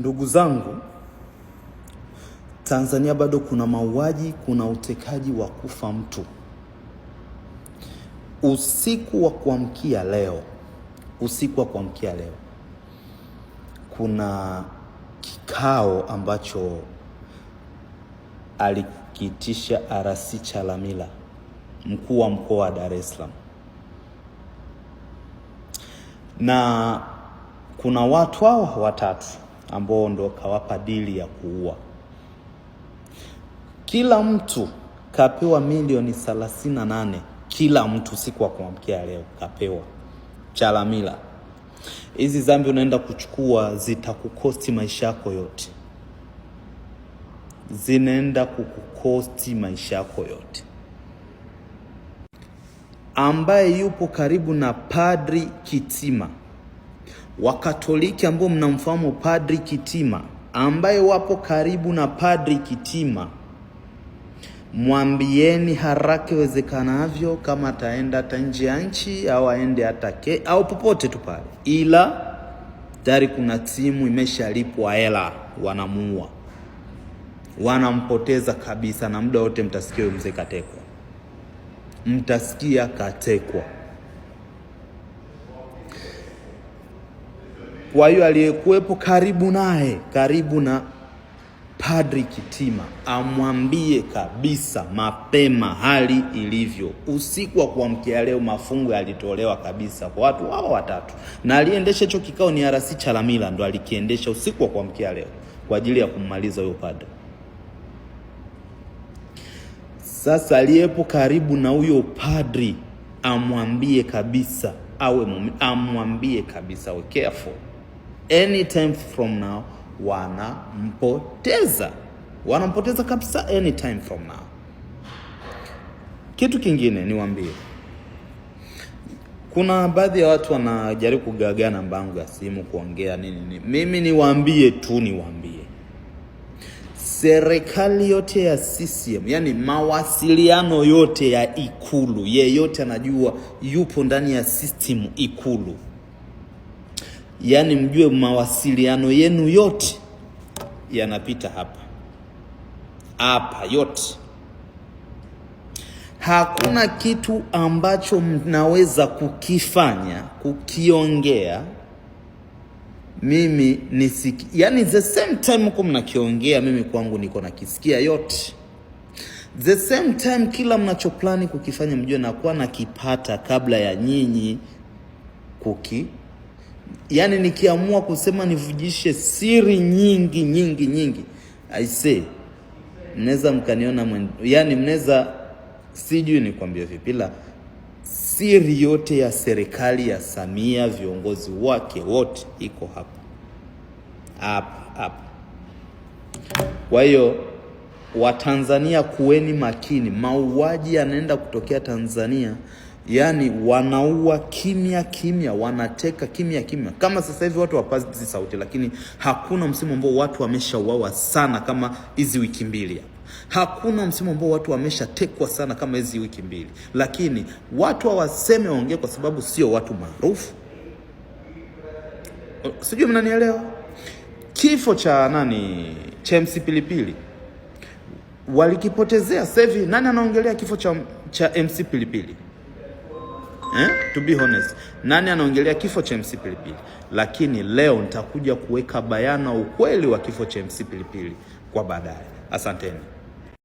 Ndugu zangu, Tanzania bado kuna mauaji, kuna utekaji wa kufa mtu. Usiku wa kuamkia leo, usiku wa kuamkia leo, kuna kikao ambacho alikitisha RC Chalamila, mkuu wa mkoa wa Dar es Salaam, na kuna watu hao watatu ambao ndo kawapa dili ya kuua. Kila mtu kapewa milioni 38, kila mtu siku wa kuamkia leo kapewa Chalamila. Hizi zambi unaenda kuchukua zitakukosti maisha yako yote, zinaenda kukukosti maisha yako yote. Ambaye yupo karibu na Padri Kitima Wakatoliki ambao mnamfahamu Padri Kitima ambaye wapo karibu na Padri Kitima, mwambieni haraka iwezekanavyo, kama ataenda hata nje ya nchi au aende hata ke au popote tu pale, ila tayari kuna timu imeshalipwa hela, wanamuua wanampoteza kabisa, na muda wote mtasikia mzee katekwa, mtasikia katekwa. Kwa hiyo aliyekuwepo karibu naye, karibu na Padri Kitima, amwambie kabisa mapema hali ilivyo. Usiku wa kuamkia leo mafungu yalitolewa kabisa kwa watu hao watatu, na aliendesha hicho kikao ni arasi Chalamila, ndo alikiendesha usiku wa kuamkia leo kwa ajili ya kummaliza huyo padri. Sasa aliyepo karibu na huyo padri amwambie kabisa awe amwambie kabisa awe careful anytime from now wanampoteza, wanampoteza kabisa anytime from now. Kitu kingine niwaambie, kuna baadhi ya watu wanajaribu kugagaa namba yangu ya simu kuongea nini nini. Mimi niwaambie tu, niwaambie serikali yote ya CCM, yani mawasiliano yote ya Ikulu, yeyote anajua yupo ndani ya system Ikulu yaani mjue mawasiliano yenu yote yanapita hapa hapa, yote. Hakuna kitu ambacho mnaweza kukifanya kukiongea mimi nisiki, yani the same time huko mnakiongea, mimi kwangu niko nakisikia yote. The same time kila mnachoplani kukifanya, mjue nakuwa nakipata kabla ya nyinyi kuki yani nikiamua kusema nivujishe siri nyingi nyingi nyingi, I say mnaweza mkaniona yani mnaweza sijui nikuambia vipi, la siri yote ya serikali ya Samia, viongozi wake wote iko hapa hapa hapa. Kwa hiyo Watanzania kuweni makini, mauaji yanaenda kutokea Tanzania yaani wanaua kimya kimya, wanateka kimya kimya. Kama sasa hivi watu wapazi sauti, lakini hakuna msimu ambao watu wameshauawa sana kama hizi wiki mbili hakuna msimu ambao watu wameshatekwa sana kama hizi wiki mbili, lakini watu hawaseme waongee, kwa sababu sio watu maarufu. Sijui mnanielewa. Kifo cha nani cha MC Pilipili walikipotezea. Sasa hivi nani anaongelea kifo cha, cha MC Pilipili? eh? To be honest, nani anaongelea kifo cha MC Pilipili, lakini leo nitakuja kuweka bayana ukweli wa kifo cha MC Pilipili kwa baadaye. Asanteni.